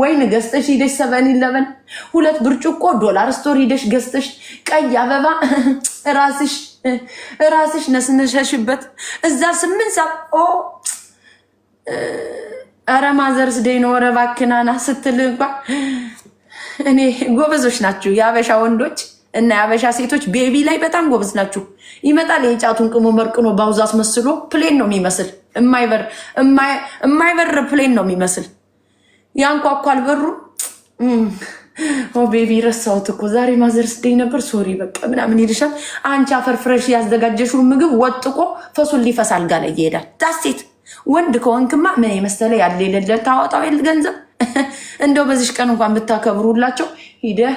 ወይን ገዝተሽ ሂደሽ ሰቨን ኢለቨን ሁለት ብርጭቆ ዶላር ስቶር ሂደሽ ገዝተሽ ቀይ አበባ ራስሽ ራስሽ ነስነሸሽበት እዛ ስምንት ሰዓት ኦ ኧረ ማዘርስ ዴይ ነው ኧረ ስትል እንኳ እኔ ጎበዞች ናችሁ የአበሻ ወንዶች እና የአበሻ ሴቶች ቤቢ ላይ በጣም ጎበዝ ናችሁ። ይመጣል የጫቱን ቅሞ መርቅኖ ባውዛስ መስሎ ፕሌን ነው የሚመስል የማይበር ፕሌን ነው የሚመስል ያንኳኳል በሩ። ቤቢ ረሳሁት እኮ ዛሬ ማዘርስ ዴይ ነበር፣ ሶሪ በቃ ምናምን ይልሻል። አንቺ አፈርፍረሽ ያዘጋጀሽው ምግብ ወጥቆ ፈሱን ሊፈስ አልጋ ላይ ይሄዳል። ዳሴት ወንድ ከወንክማ ምን የመሰለ ያለ የሌለ ታወጣው የለ ገንዘብ እንደው በዚሽ ቀን እንኳን ብታከብሩላቸው ሂደህ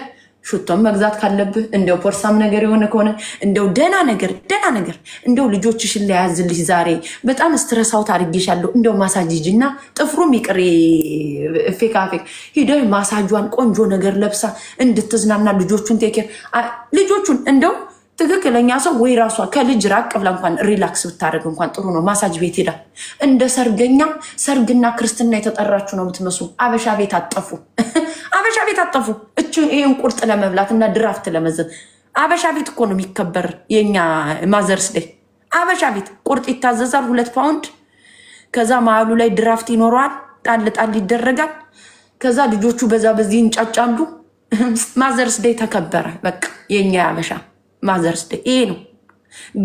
ሽቶም መግዛት ካለብህ እንደው ፖርሳም ነገር የሆነ ከሆነ እንደው ደና ነገር ደና ነገር እንደው ልጆችሽን ለያዝልሽ ዛሬ በጣም ስትረሳውት አድርጌሻለሁ። እንደው ማሳጅ ሂጂ እና ጥፍሩም ይቅር ፌካፌክ ሂደው ማሳጇን ቆንጆ ነገር ለብሳ እንድትዝናና ልጆቹን ቴኬር ልጆቹን እንደው ትክክለኛ ሰው ወይ ራሷ ከልጅ ራቅ ብላ እንኳን ሪላክስ ብታደረግ እንኳን ጥሩ ነው። ማሳጅ ቤት ሄዳ እንደ ሰርገኛ ሰርግና ክርስትና የተጠራችሁ ነው የምትመስሉ። አበሻ ቤት አጠፉ፣ አበሻ ቤት አጠፉ። እችን ይሄን ቁርጥ ለመብላት እና ድራፍት ለመዘዝ አበሻ ቤት እኮ ነው የሚከበር የኛ ማዘርስ ዴይ። አበሻ ቤት ቁርጥ ይታዘዛል፣ ሁለት ፓውንድ። ከዛ መሀሉ ላይ ድራፍት ይኖረዋል፣ ጣል ጣል ይደረጋል። ከዛ ልጆቹ በዛ በዚህ እንጫጫሉ። ማዘርስ ዴይ ተከበረ። በቃ የኛ አበሻ ማዘርስ ዴይ ይሄ ነው።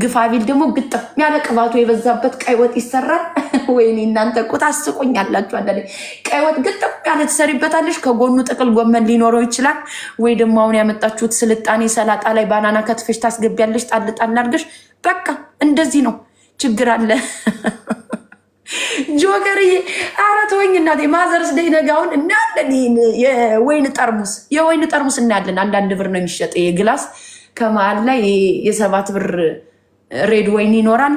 ግፋቢል ደግሞ ግጥም ያለ ቅባቱ የበዛበት ቀይ ወጥ ይሰራል። ወይኔ እናንተ እኮ ታስቆኛላችሁ። አንዳንዴ ቀይ ወጥ ግጥም ያለ ትሰሪበታለች። ከጎኑ ጥቅል ጎመን ሊኖረው ይችላል። ወይ ደግሞ አሁን ያመጣችሁት ስልጣኔ ሰላጣ ላይ ባናና ከትፈሽ ታስገቢያለች። ጣል ጣል አድርገሽ በቃ እንደዚህ ነው። ችግር አለ ጆከርዬ፣ ኧረ ተወኝ እናቴ። ማዘርስ ደይ እናያለን። የወይን ጠርሙስ የወይን ጠርሙስ እናያለን። አንዳንድ ብር ነው የሚሸጥ ግላስ ከመሀል ላይ የሰባት ብር ሬድ ወይን ይኖራል።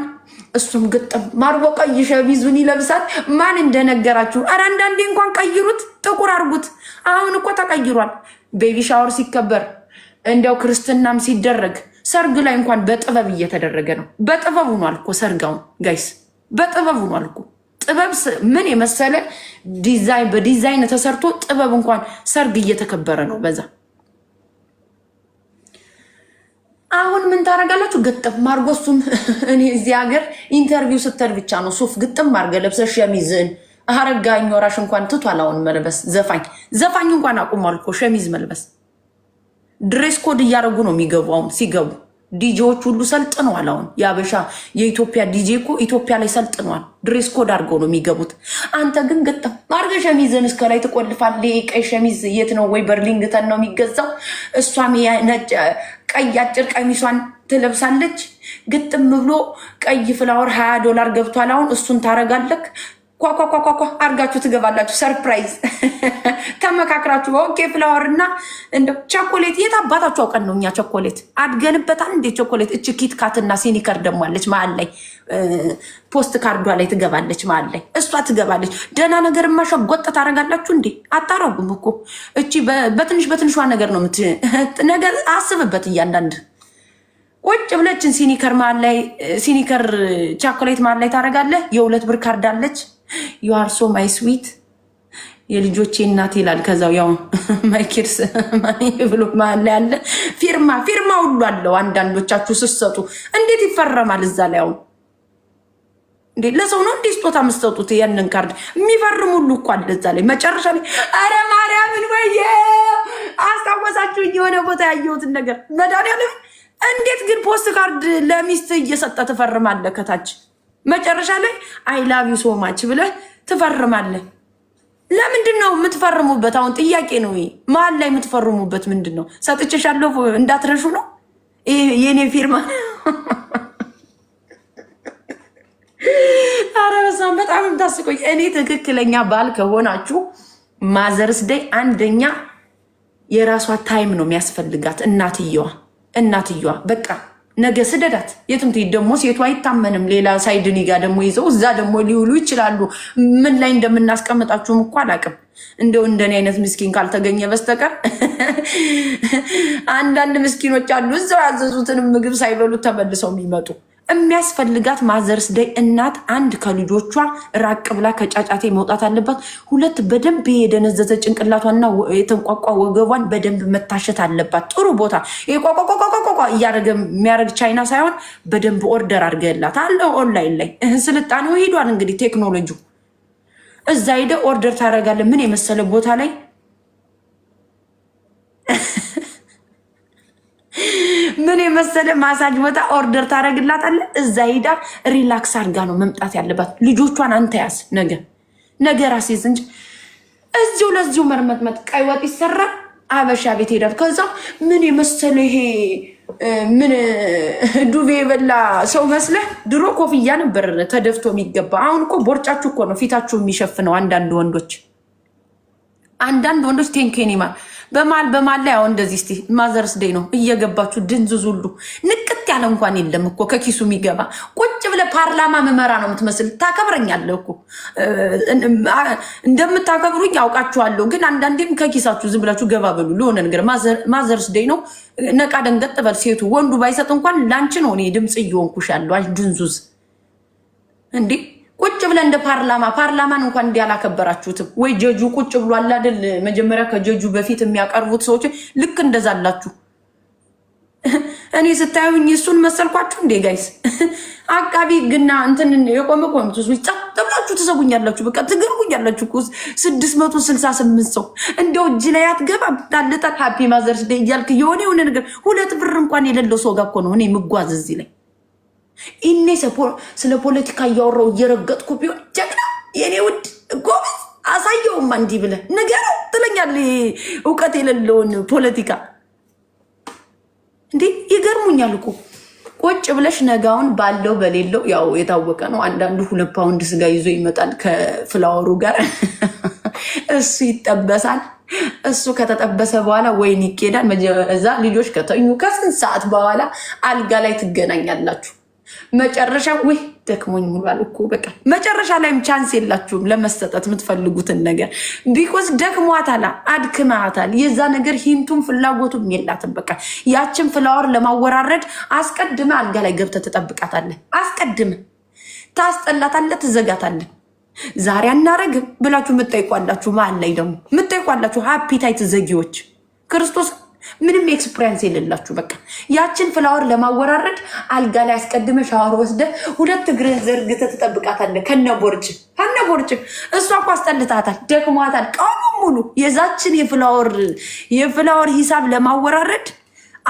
እሱም ግጥም ማርቦ ቀይ ሸሚዙን ይለብሳል። ማን እንደነገራችሁ? ኧረ አንዳንዴ እንኳን ቀይሩት፣ ጥቁር አርጉት። አሁን እኮ ተቀይሯል። ቤቢ ሻወር ሲከበር እንደው ክርስትናም ሲደረግ ሰርግ ላይ እንኳን በጥበብ እየተደረገ ነው። በጥበብ ሆኗል እኮ ሰርጋውን ጋይስ፣ በጥበብ ሆኗል እኮ ጥበብ ምን የመሰለ ዲዛይን በዲዛይን ተሰርቶ ጥበብ እንኳን ሰርግ እየተከበረ ነው በዛ አሁን ምን ታደርጋላችሁ? ግጥም አድርጎ እሱም እኔ እዚህ ሀገር ኢንተርቪው ስተር ብቻ ነው ሱፍ ግጥም አድርገ ለብሰህ ሸሚዝን አረጋኝ ወራሽ እንኳን ትቷል። አሁን መልበስ ዘፋኝ ዘፋኝ እንኳን አቁሟል እኮ ሸሚዝ መልበስ። ድሬስ ኮድ እያደረጉ ነው የሚገቡ አሁን ሲገቡ ዲጂዎች ሁሉ ሰልጥነዋል። አሁን የአበሻ የኢትዮጵያ ዲጂ እኮ ኢትዮጵያ ላይ ሰልጥነዋል። ድሬስ ኮድ አድርገው ነው የሚገቡት። አንተ ግን ገጠም አድርገህ ሸሚዝን እስከ ላይ ትቆልፋለህ። ቀይ ሸሚዝ የት ነው ወይ በርሊንግተን ነው የሚገዛው። እሷም ቀይ አጭር ቀሚሷን ትለብሳለች። ግጥም ብሎ ቀይ ፍላወር ሀያ ዶላር ገብቷል። አሁን እሱን ታረጋለክ ኳኳኳኳኳ አድርጋችሁ ትገባላችሁ። ሰርፕራይዝ ተመካክራችሁ ኦኬ። ፍላወር እና እንደ ቸኮሌት የት አባታችሁ አውቀን ነው እኛ ቸኮሌት አድገንበታል እንዴ? ቸኮሌት እች ኪት ካትና ሲኒከር ደግሞ አለች መሀል ላይ ፖስት ካርዷ ላይ ትገባለች። መሀል ላይ እሷ ትገባለች። ደህና ነገር ማሻ ታደርጋላችሁ እንዴ? አታረጉም እኮ እቺ በትንሽ በትንሿ ነገር ነው ነገር አስብበት እያንዳንድ ቁጭ ብለችን ሲኒከር መሀል ላይ ሲኒከር ቻኮሌት መሀል ላይ ታደርጋለህ። የሁለት ብር ካርድ አለች ዩ አር ሶ ማይ ስዊት የልጆቼ እናት ይላል። ከዛው ያው ማይኪርስ ብሎ መሀል ላይ ፊርማ ፊርማ ሁሉ አለው። አንዳንዶቻችሁ ስሰጡ እንዴት ይፈረማል እዛ ላይ? አሁን እንዴ ለሰው ነው እንዴ ስጦታ የምትሰጡት? ያንን ካርድ የሚፈርም ሁሉ እኮ አለ እዛ ላይ። መጨረሻ ላይ አረ ማርያምን ወየ አስታወሳችሁ የሆነ ቦታ ያየሁትን ነገር መድኃኒዓለም። እንዴት ግን ፖስት ካርድ ለሚስት እየሰጠ ትፈርማለህ ከታች መጨረሻ ላይ አይ ላቭ ዩ ሶ ማች ብለህ ትፈርማለህ። ለምንድን ነው የምትፈርሙበት? አሁን ጥያቄ ነው ይሄ። መሀል ላይ የምትፈርሙበት ምንድን ነው? ሰጥቼሻለሁ እንዳትረሹ ነው የእኔ ፊርማ። ኧረ በስመ አብ በጣም የምታስቆኝ። እኔ ትክክለኛ ባል ከሆናችሁ ማዘርስ ደይ አንደኛ የራሷ ታይም ነው የሚያስፈልጋት እናትየዋ እናትየዋ በቃ ነገ ስደዳት የትም ትሄድ። ደግሞ ሴቱ አይታመንም። ሌላ ሳይድኒ ጋር ደግሞ ይዘው እዛ ደግሞ ሊውሉ ይችላሉ። ምን ላይ እንደምናስቀምጣችሁም እኮ አላቅም። እንደው እንደኔ አይነት ምስኪን ካልተገኘ በስተቀር አንዳንድ ምስኪኖች አሉ እዛው ያዘዙትንም ምግብ ሳይበሉት ተመልሰው የሚመጡ የሚያስፈልጋት ማዘርስ ደይ እናት አንድ ከልጆቿ ራቅ ብላ ከጫጫቴ መውጣት አለባት። ሁለት በደንብ የደነዘዘ ጭንቅላቷና የተንቋቋ ወገቧን በደንብ መታሸት አለባት። ጥሩ ቦታ ቋቋቋቋቋቋ እያደረገ የሚያደርግ ቻይና ሳይሆን በደንብ ኦርደር አድርገላት አለ ኦንላይን ላይ ስልጣኔው ሂዷል። እንግዲህ ቴክኖሎጂ እዛ ሄደ ኦርደር ታደርጋለ ምን የመሰለ ቦታ ላይ ምን የመሰለ ማሳጅ ቦታ ኦርደር ታደርግላታለህ። እዛ ሂዳ ሪላክስ አድርጋ ነው መምጣት ያለባት። ልጆቿን አንተ ያዝ፣ ነገ ነገ ራሴ እንጂ እዚሁ ለዚሁ መርመጥመጥ። ቀይ ወጥ ይሰራል፣ አበሻ ቤት ሄዳል። ከዛ ምን የመሰለ ይሄ ምን ዱቤ የበላ ሰው መስለህ። ድሮ ኮፍያ ነበር ተደፍቶ የሚገባ። አሁን እኮ ቦርጫችሁ እኮ ነው ፊታችሁ የሚሸፍነው አንዳንድ ወንዶች አንዳንድ ወንዶች ቴንኬን ይማል በማል በማል ላይ አሁን እንደዚህ ስ ማዘርስ ደይ ነው እየገባችሁ ድንዝዝ ሁሉ ንቅት ያለ እንኳን የለም እኮ ከኪሱ የሚገባ ቁጭ ብለ ፓርላማ መመራ ነው የምትመስል። ታከብረኛለህ እኮ እንደምታከብሩኝ ያውቃችኋለሁ። ግን አንዳንዴም ከኪሳችሁ ዝም ብላችሁ ገባ በሉ ለሆነ ነገር ማዘርስ ደይ ነው ነቃ ደንገጥ በል ሴቱ ወንዱ ባይሰጥ እንኳን ላንቺ ነው እኔ ድምፅ እየሆንኩሽ ያለሁ ድንዙዝ እንዴ ቁጭ ብለ እንደ ፓርላማ ፓርላማን እንኳን እንዲህ አላከበራችሁትም ወይ? ጀጁ ቁጭ ብሎ አለ አይደል? መጀመሪያ ከጀጁ በፊት የሚያቀርቡት ሰዎች ልክ እንደዛ አላችሁ። እኔ ስታዩኝ እሱን መሰልኳችሁ እንዴ ጋይስ? አቃቢ ግና እንትን የቆመ ኮሚቴ ውስጥ ጸጥ ብላችሁ ትሰጉኛላችሁ። በቃ ትገርጉኛላችሁ። እኮ ስድስት መቶ ስልሳ ስምንት ሰው እንደው እጅ ላይ አትገባ ታልጠ ሀፒ ማዘርስ ዴይ እያልክ የሆነ የሆነ ነገር ሁለት ብር እንኳን የሌለው ሰው ጋር እኮ ነው እኔ ምጓዝ እዚህ ላይ እኔ ስለ ፖለቲካ እያወራው እየረገጥኩ ቢሆን ጀግና የእኔ ውድ ጎበዝ አሳየውም እንዲህ ብለ ንገረው ትለኛል። እውቀት የሌለውን ፖለቲካ እንዴ ይገርሙኛል እኮ ቁጭ ብለሽ ነጋውን ባለው በሌለው ያው የታወቀ ነው። አንዳንዱ ሁለት ፓውንድ ስጋ ይዞ ይመጣል ከፍላወሩ ጋር እሱ ይጠበሳል። እሱ ከተጠበሰ በኋላ ወይን ይኬዳል። እዛ ልጆች ከተኙ ከስንት ሰዓት በኋላ አልጋ ላይ ትገናኛላችሁ። መጨረሻ ውይ ደክሞኝ ውሏል እኮ በቃ መጨረሻ ላይም ቻንስ የላችሁም ለመሰጠት የምትፈልጉትን ነገር ቢኮዝ ደክሟታል፣ አድክማታል። የዛ ነገር ሂንቱም ፍላጎቱም የላትም። በቃ ያችን ፍላወር ለማወራረድ አስቀድመ አልጋ ላይ ገብተ ትጠብቃታለህ። አስቀድመ ታስጠላታለህ፣ ትዘጋታለህ። ዛሬ አናረግ ብላችሁ የምጠይቋላችሁ መሀል ላይ ደግሞ የምጠይቋላችሁ ሀፒታይት ዘጊዎች ክርስቶስ ምንም ኤክስፕሪንስ የሌላችሁ በቃ ያችን ፍላወር ለማወራረድ አልጋ ላይ አስቀድመ ሻወር ወስደ ሁለት እግርህ ዘርግተ ትጠብቃታለህ። ከነቦርጭ ከነቦርጭ እሷ እኮ አስጠልታታል፣ ደክሟታል። ቀኑ ሙሉ የዛችን የፍላወር የፍላወር ሂሳብ ለማወራረድ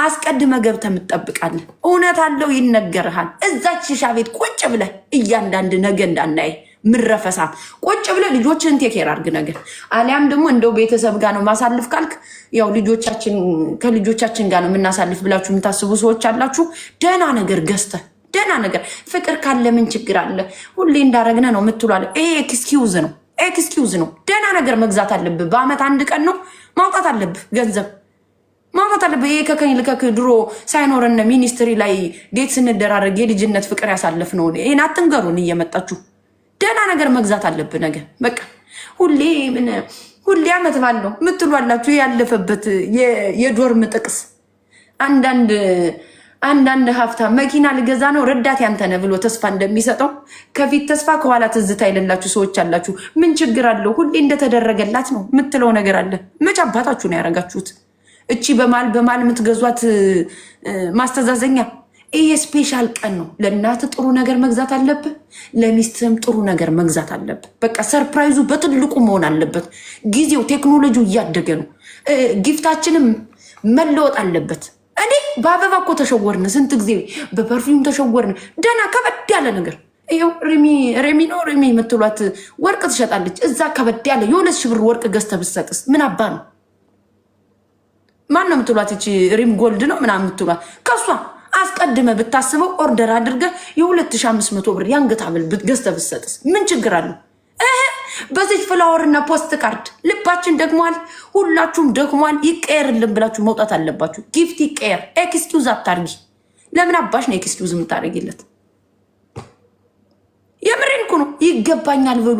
አስቀድመ ገብተ ምጠብቃለ እውነት አለው ይነገርሃል። እዛች ሻቤት ቁጭ ብለህ እያንዳንድ ነገ እንዳናይ ምረፈሳ ቁጭ ብለ ልጆችን ቴኬር አርግ ነገር አሊያም ደግሞ እንደው ቤተሰብ ጋር ነው ማሳልፍ ካልክ ያው ልጆቻችን ከልጆቻችን ጋር ነው የምናሳልፍ ብላችሁ የምታስቡ ሰዎች አላችሁ። ደህና ነገር ገዝተ ደህና ነገር ፍቅር ካለ ምን ችግር አለ? ሁሌ እንዳረግነ ነው የምትሏለ። ይሄ ኤክስኪውዝ ነው፣ ኤክስኪውዝ ነው። ደህና ነገር መግዛት አለብህ። በአመት አንድ ቀን ነው ማውጣት አለብህ ገንዘብ ማውጣት አለብህ። ይሄ ከከኝ ልከክ ድሮ ሳይኖረን ሚኒስትሪ ላይ ዴት ስንደራረግ የልጅነት ፍቅር ያሳለፍ ነው። ይሄን አትንገሩን እየመጣችሁ ደህና ነገር መግዛት አለብህ። ነገ በቃ ሁሌ ምን ሁሌ አመት ባለው ነው አላችሁ። ያለፈበት የዶርም ጥቅስ አንዳንድ አንዳንድ ሀብታም መኪና ልገዛ ነው ረዳት ያንተነ ብሎ ተስፋ እንደሚሰጠው ከፊት ተስፋ ከኋላ ትዝታ የሌላችሁ ሰዎች አላችሁ። ምን ችግር አለው? ሁሌ እንደተደረገላት ነው ምትለው ነገር አለ። መች አባታችሁ ነው ያደረጋችሁት? እቺ በማል በማል የምትገዟት ማስተዛዘኛ ይህ ስፔሻል ቀን ነው። ለእናት ጥሩ ነገር መግዛት አለብህ፣ ለሚስትም ጥሩ ነገር መግዛት አለብህ። በቃ ሰርፕራይዙ በትልቁ መሆን አለበት። ጊዜው ቴክኖሎጂው እያደገ ነው። ጊፍታችንም መለወጥ አለበት። እኔ በአበባ እኮ ተሸወርን፣ ስንት ጊዜ በፐርፊውም ተሸወርን። ደህና ከበድ ያለ ነገር ይኸው ሬሚ ነው ሬሚ የምትሏት ወርቅ ትሸጣለች። እዛ ከበድ ያለ የሁለት ሺህ ብር ወርቅ ገዝተህ ብትሰጥስ ምን አባ ነው? ማን ነው የምትሏት? ይቺ ሪም ጎልድ ነው ምናምን የምትሏት ከሷ አስቀድመ ብታስበው ኦርደር አድርገ የ2500 ብር የአንገት ሀብል ገዝተ ብትሰጥስ ምን ችግር አለ? በዚች ፍላወርና ፖስት ካርድ ልባችን ደክሟል፣ ሁላችሁም ደክሟል፣ ይቀየርልን ብላችሁ መውጣት አለባችሁ። ጊፍት ይቀየር። ኤክስኪውዝ አታርጊ። ለምን አባሽ ነው ኤክስኪውዝ የምታደርጊለት? የምሬን እኮ ነው። ይገባኛል ብሉ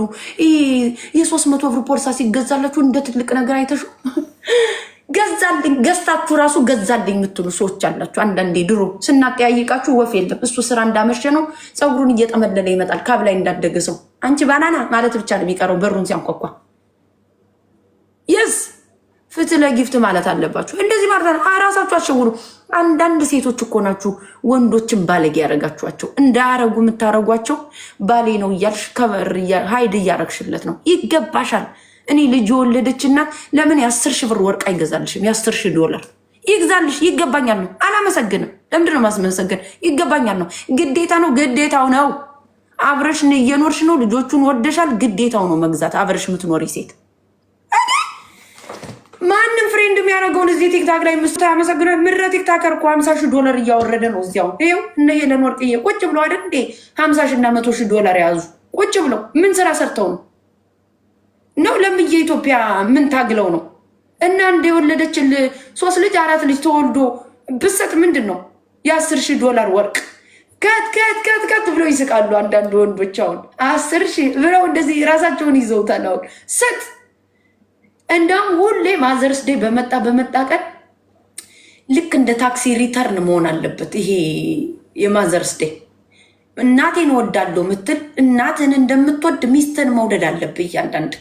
የሶስት መቶ ብር ፖርሳ ሲገዛላችሁ እንደ ትልቅ ነገር አይተሹ ገዛልኝ ገዝታችሁ ራሱ ገዛልኝ የምትሉ ሰዎች አላችሁ። አንዳንዴ ድሮ ስናጠያይቃችሁ ወፍ የለም እሱ ስራ እንዳመሸ ነው፣ ፀጉሩን እየጠመለለ ይመጣል። ካብ ላይ እንዳደገ ሰው አንቺ ባናና ማለት ብቻ ነው የሚቀረው በሩን ሲያንኳኳ። የስ ፍትህ ለጊፍት ማለት አለባችሁ። እንደዚህ ማለት ራሳችሁ አሸውሉ። አንዳንድ ሴቶች እኮ ናችሁ ወንዶችን ባለጌ ያደረጋችኋቸው። እንዳያረጉ የምታረጓቸው ባሌ ነው እያልሽ ከበር ሀይድ እያረግሽለት ነው። ይገባሻል እኔ ልጅ የወለደች እናት ለምን የአስር ሺህ ብር ወርቅ አይገዛልሽም? የአስር ሺህ ዶላር ይግዛልሽ። ይገባኛል ነው። አላመሰግንም። ለምንድን ነው ማስመሰገን? ይገባኛል ነው። ግዴታ ነው። ግዴታው ነው። አብረሽን እየኖርሽ ነው። ልጆቹን ወደሻል። ግዴታው ነው አብረሽ እየኖርሽ ነው ልጆቹን ወደሻል ግዴታው ነው መግዛት አብረሽ የምትኖሪ ሴት ማንም ፍሬንድ የሚያደርገውን እዚህ ቲክታክ ላይ ምስ ያመሰግነ ምድረ ቲክታከር እኮ ሀምሳ ሺህ ዶላር እያወረደ ነው። እዚያው ይው እነ ሄለን ወርቅዬ ቁጭ ብለው አይደል እንዴ ሀምሳ ሺህ እና መቶ ሺህ ዶላር የያዙ ቁጭ ብለው ምን ስራ ሰርተው ነው ነው ለምዬ ኢትዮጵያ ምን ታግለው ነው? እና እንደ የወለደችል ሶስት ልጅ አራት ልጅ ተወልዶ ብሰጥ ምንድን ነው የአስር ሺህ ዶላር ወርቅ ከት ከት ከት ከት ብለው ይስቃሉ። አንዳንድ ወንዶች አሁን አስር ሺህ ብለው እንደዚህ ራሳቸውን ይዘውታል። አሁን ስጥ እንደውም ሁሌ ማዘርስ ዴይ በመጣ በመጣ ቀን ልክ እንደ ታክሲ ሪተርን መሆን አለበት ይሄ የማዘርስ ዴይ እናቴን ወዳለሁ ምትል እናትን እንደምትወድ ሚስትን መውደድ አለብህ እያንዳንድ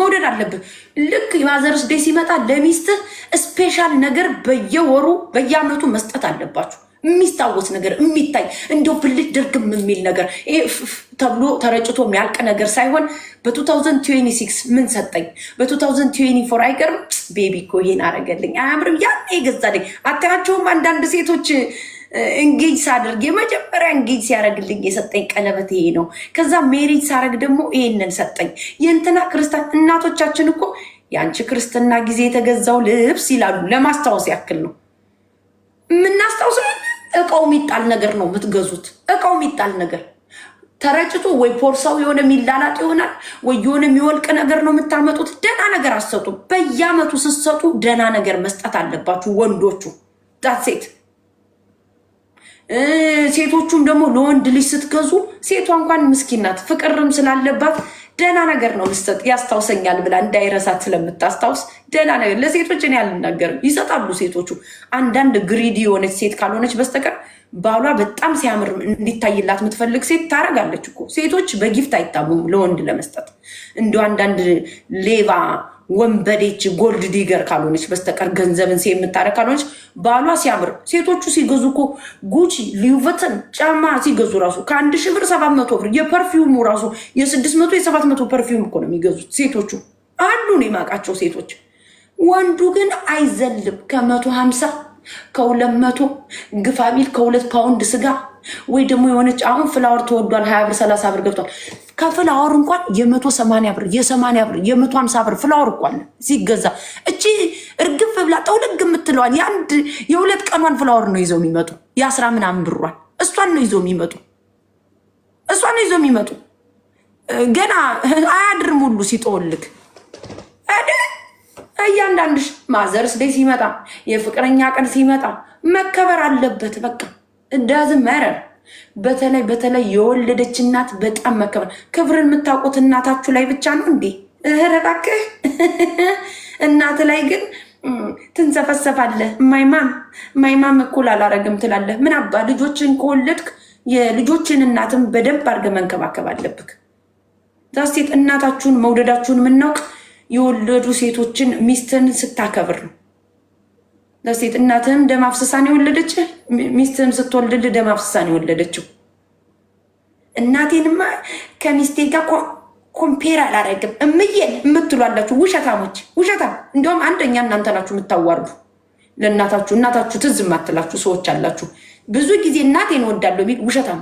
መውደድ አለብህ። ልክ የማዘርስ ዴይ ሲመጣ ለሚስትህ ስፔሻል ነገር በየወሩ በየአመቱ መስጠት አለባችሁ። የሚስታወስ ነገር የሚታይ እንደው ብልጭ ድርግም የሚል ነገር ተብሎ ተረጭቶ የሚያልቅ ነገር ሳይሆን በ2026 ምን ሰጠኝ፣ በ2024 አይገርም ቤቢ እኮ ይሄን አረገልኝ አያምርም ያን የገዛልኝ። አታያቸውም አንዳንድ ሴቶች እንጌጅ ሳደርግ የመጀመሪያ እንጌጅ ሲያደርግልኝ የሰጠኝ ቀለበት ይሄ ነው። ከዛ ሜሪጅ ሳደርግ ደግሞ ይሄንን ሰጠኝ። የእንትና ክርስቲያን እናቶቻችን እኮ የአንቺ ክርስትና ጊዜ የተገዛው ልብስ ይላሉ። ለማስታወስ ያክል ነው የምናስታውሰው። እቃው የሚጣል ነገር ነው የምትገዙት። እቃው የሚጣል ነገር ተረጭቶ ወይ ፖርሳው የሆነ የሚላላጥ ይሆናል ወይ የሆነ የሚወልቅ ነገር ነው የምታመጡት። ደና ነገር አትሰጡም። በየአመቱ ስትሰጡ ደና ነገር መስጠት አለባችሁ ወንዶቹ ሴት ሴቶቹም ደግሞ ለወንድ ልጅ ስትገዙ ሴቷ እንኳን ምስኪናት ፍቅርም ስላለባት ደህና ነገር ነው ልሰጥ ያስታውሰኛል ብላ እንዳይረሳት ስለምታስታውስ ደህና ነገር ለሴቶች እኔ አልናገርም። ይሰጣሉ ሴቶቹ። አንዳንድ ግሪዲ የሆነች ሴት ካልሆነች በስተቀር ባሏ በጣም ሲያምር እንዲታይላት የምትፈልግ ሴት ታደርጋለች እኮ። ሴቶች በጊፍት አይታሙም ለወንድ ለመስጠት እንደ አንዳንድ ሌባ ወንበዴች ጎልድ ዲገር ካልሆነች በስተቀር ገንዘብን ሴ የምታደርግ ካልሆነች ባሏ ሲያምር ሴቶቹ ሲገዙ እኮ ጉቺ ሊዩቨትን ጫማ ሲገዙ ራሱ ከአንድ ሺህ ብር ሰባት መቶ ብር የፐርፊውሙ ራሱ የስድስት መቶ የሰባት መቶ ፐርፊውም እኮ ነው የሚገዙት ሴቶቹ አሉ ነው የማውቃቸው ሴቶች። ወንዱ ግን አይዘልም ከመቶ ሀምሳ ከሁለት መቶ ግፋቢል ከሁለት ፓውንድ ስጋ ወይ ደግሞ የሆነች አሁን ፍላወር ተወዷል። ሀያ ብር ሰላሳ ብር ገብቷል። ከፍላወር እንኳን የመቶ ሰማንያ ብር የሰማንያ ብር የመቶ ሀምሳ ብር ፍላወር እንኳን ሲገዛ እቺ እርግፍ ብላ ጠውልግ የምትለዋል የአንድ የሁለት ቀኗን ፍላወር ነው ይዘው የሚመጡ የአስራ ምናምን ብሯል። እሷን ነው ይዘው የሚመጡ እሷን ነው ይዘው የሚመጡ ገና አያድርም ሁሉ ሲጠወልግ እያንዳንድሽ ማዘርስ ዴይ ሲመጣ የፍቅረኛ ቀን ሲመጣ መከበር አለበት። በቃ እንዳዝ መረር በተለይ በተለይ የወለደች እናት በጣም መከበር ክብርን የምታውቁት እናታችሁ ላይ ብቻ ነው እንዴ? ረቃክ እናት ላይ ግን ትንሰፈሰፋለህ። ማይማም ማይማም እኩል አላረግም ትላለህ። ምን አባ ልጆችን ከወለድክ የልጆችን እናትን በደንብ አድርገህ መንከባከብ አለብክ። ዛስቴት እናታችሁን መውደዳችሁን የምናውቅ የወለዱ ሴቶችን ሚስትን ስታከብር ነው። ለሴት እናትህም ደም አፍስሳን የወለደች ሚስትህም ስትወልድል ደም አፍስሳን የወለደችው። እናቴንማ ከሚስቴ ጋር ኮምፔር አላረግም እምዬን የምትሏላችሁ ውሸታሞች፣ ውሸታም። እንዲሁም አንደኛ እናንተ ናችሁ የምታዋርዱ ለእናታችሁ እናታችሁ ትዝ የማትላችሁ ሰዎች አላችሁ። ብዙ ጊዜ እናቴን ወዳለሁ ቢል ውሸታም፣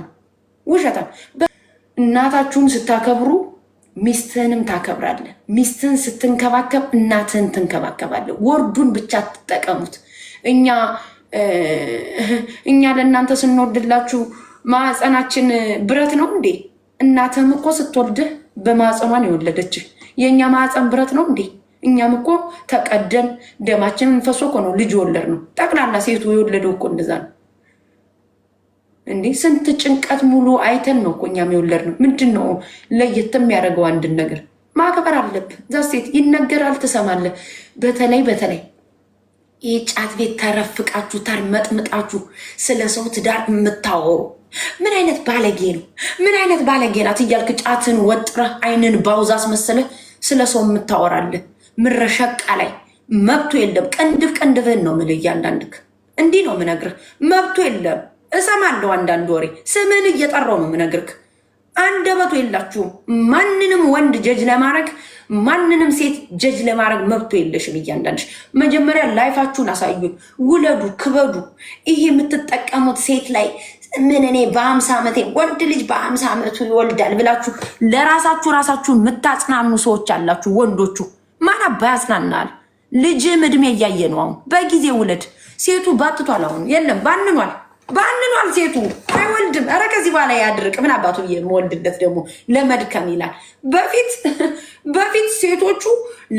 ውሸታም። እናታችሁን ስታከብሩ ሚስትህንም ታከብራለህ። ሚስትህን ስትንከባከብ እናትህን ትንከባከባለህ። ወርዱን ብቻ ትጠቀሙት እኛ እኛ ለእናንተ ስንወልድላችሁ ማዕፀናችን ብረት ነው እንዴ? እናትህም እኮ ስትወልድህ በማዕፀኗን የወለደችህ የእኛ ማዕፀን ብረት ነው እንዴ? እኛም እኮ ተቀደን ደማችንን ፈሶ እኮ ነው ልጅ ወለድ ነው። ጠቅላላ ሴቱ የወለደው እኮ እንደዛ ነው። እንዴ ስንት ጭንቀት ሙሉ አይተን ነው እኮ እኛም የወለድነው። ምንድን ነው ለየት የሚያደርገው? አንድን ነገር ማክበር አለብህ። ሴት ይነገራል፣ ትሰማለህ። በተለይ በተለይ ይህ ጫት ቤት ተረፍቃችሁ ተርመጥምጣችሁ ስለ ሰው ትዳር የምታወሩ ምን አይነት ባለጌ ነው? ምን አይነት ባለጌ ናት እያልክ ጫትን ወጥረህ አይንን ባውዛስ መሰለህ ስለ ሰው የምታወራልህ ምረሸቃ ላይ መብቱ የለም። ቅንድብ ቅንድብህን ነው የምልህ። እያንዳንድክ እንዲህ ነው ምነግርህ መብቱ የለም። እሰማለሁ አንዳንድ ወሬ ስምን እየጠራው ነው የምነግርክ። አንደበቱ የላችሁም። ማንንም ወንድ ጀጅ ለማድረግ ማንንም ሴት ጀጅ ለማድረግ መብቶ የለሽም። እያንዳንድሽ መጀመሪያ ላይፋችሁን አሳዩን፣ ውለዱ፣ ክበዱ። ይሄ የምትጠቀሙት ሴት ላይ ምን እኔ በአምሳ ዓመቴ ወንድ ልጅ በአምሳ ዓመቱ ይወልዳል ብላችሁ ለራሳችሁ ራሳችሁን የምታጽናኑ ሰዎች አላችሁ። ወንዶቹ ማን አባ ያጽናናል? ልጅም እድሜ እያየ ነው። አሁን በጊዜ ውለድ። ሴቱ ባትቷል። አሁን የለም ባንኗል። ባንኗል ሴቱ አይወልድም። ኧረ ከዚህ በኋላ ያድርቅ። ምን አባቱ የምወልድለት ደግሞ ለመድከም ይላል። በፊት በፊት ሴቶቹ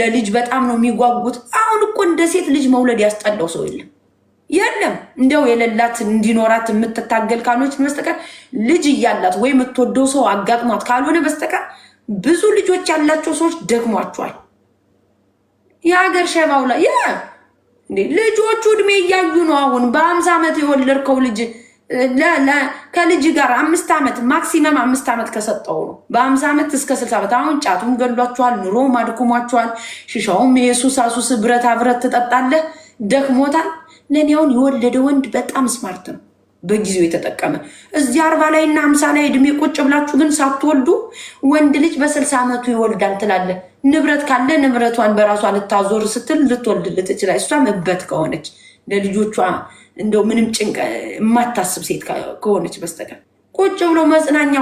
ለልጅ በጣም ነው የሚጓጉት። አሁን እኮ እንደ ሴት ልጅ መውለድ ያስጠላው ሰው የለም የለም። እንደው የሌላት እንዲኖራት የምትታገል ካልሆነች በስተቀር ልጅ እያላት ወይ የምትወደው ሰው አጋጥሟት ካልሆነ በስተቀር ብዙ ልጆች ያላቸው ሰዎች ደግሟቸዋል። የሀገር ሸማውላ ልጆቹ እድሜ እያዩ ነው። አሁን በአምሳ ዓመት የወለድከው ልጅ ከልጅ ጋር አምስት ዓመት ማክሲመም አምስት ዓመት ከሰጠው ነው። በአምስት ዓመት እስከ ስልሳ ዓመት አሁን ጫቱም ገሏቸዋል፣ ኑሮም አድኩሟቸዋል። ሽሻውም የሱስ አሱስ ብረታ ብረት ትጠጣለህ፣ ደክሞታል። ለእኔ አሁን የወለደ ወንድ በጣም ስማርት ነው። በጊዜው የተጠቀመ እዚህ አርባ ላይ እና ሀምሳ ላይ እድሜ ቁጭ ብላችሁ ግን ሳትወልዱ ወንድ ልጅ በስልሳ ዓመቱ ይወልዳል ትላለ። ንብረት ካለ ንብረቷን በራሷ ልታዞር ስትል ልትወልድልት ትችላል። እሷ መበት ከሆነች ለልጆቿ እንደው ምንም ጭንቀ የማታስብ ሴት ከሆነች በስተቀር ቁጭ ብሎ መጽናኛ